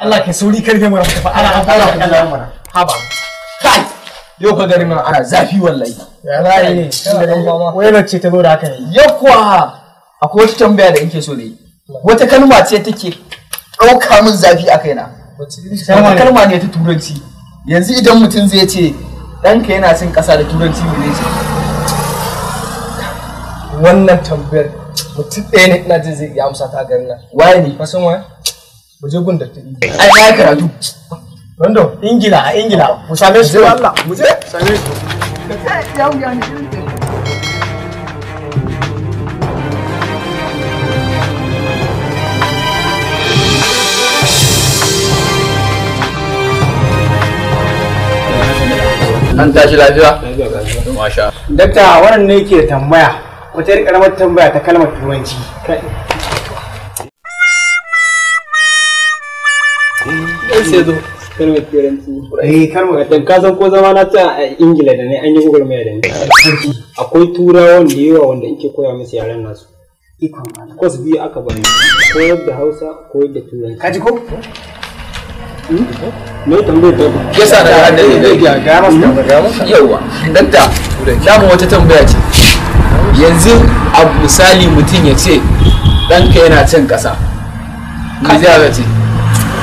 Allah ke sauri karfe mu rafa fa ana Allah da Allah mu haba kai yau ka gari mana ana zafi wallahi ya rai ne da dan fama wayar ce ta zo da haka ne yakwa akwai wata tambaya da yake so da yi wata kalma ce take ɗauka min zafi a kaina wata kalma ne ta turanci yanzu idan mutum zai ce ɗanka yana cin ƙasa da turanci ne ce wannan tambayar mutum ɗaya ne ina jin zai iya amsa ta garin nan waye ne fasin waye mu gun da ta yi ai ya karatu Ingila a Ingila mu same shi Allah mu je same shi ya wuya ne An tashi lafiya? Dakta wannan ne ke tambaya, wata ƙaramar tambaya ta kalmar turanci. har sai zo kar mu tsere su eh kar dan ka san ko zama na ta a ingila da ne an yi gurmiya da ne akwai turawan da yawa wanda yake koya musu yaren nasu ikon ko kwas biyu aka bani ko yadda Hausa ko yadda turanci kaji ko me tambayar ta ke sa da hada ne da ga ga masa ga masa hmm? yawa danta da wata tambaya ce yanzu a misali mutum ya ce ɗanka yana cin ƙasa me zai ce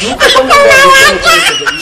你干嘛呀？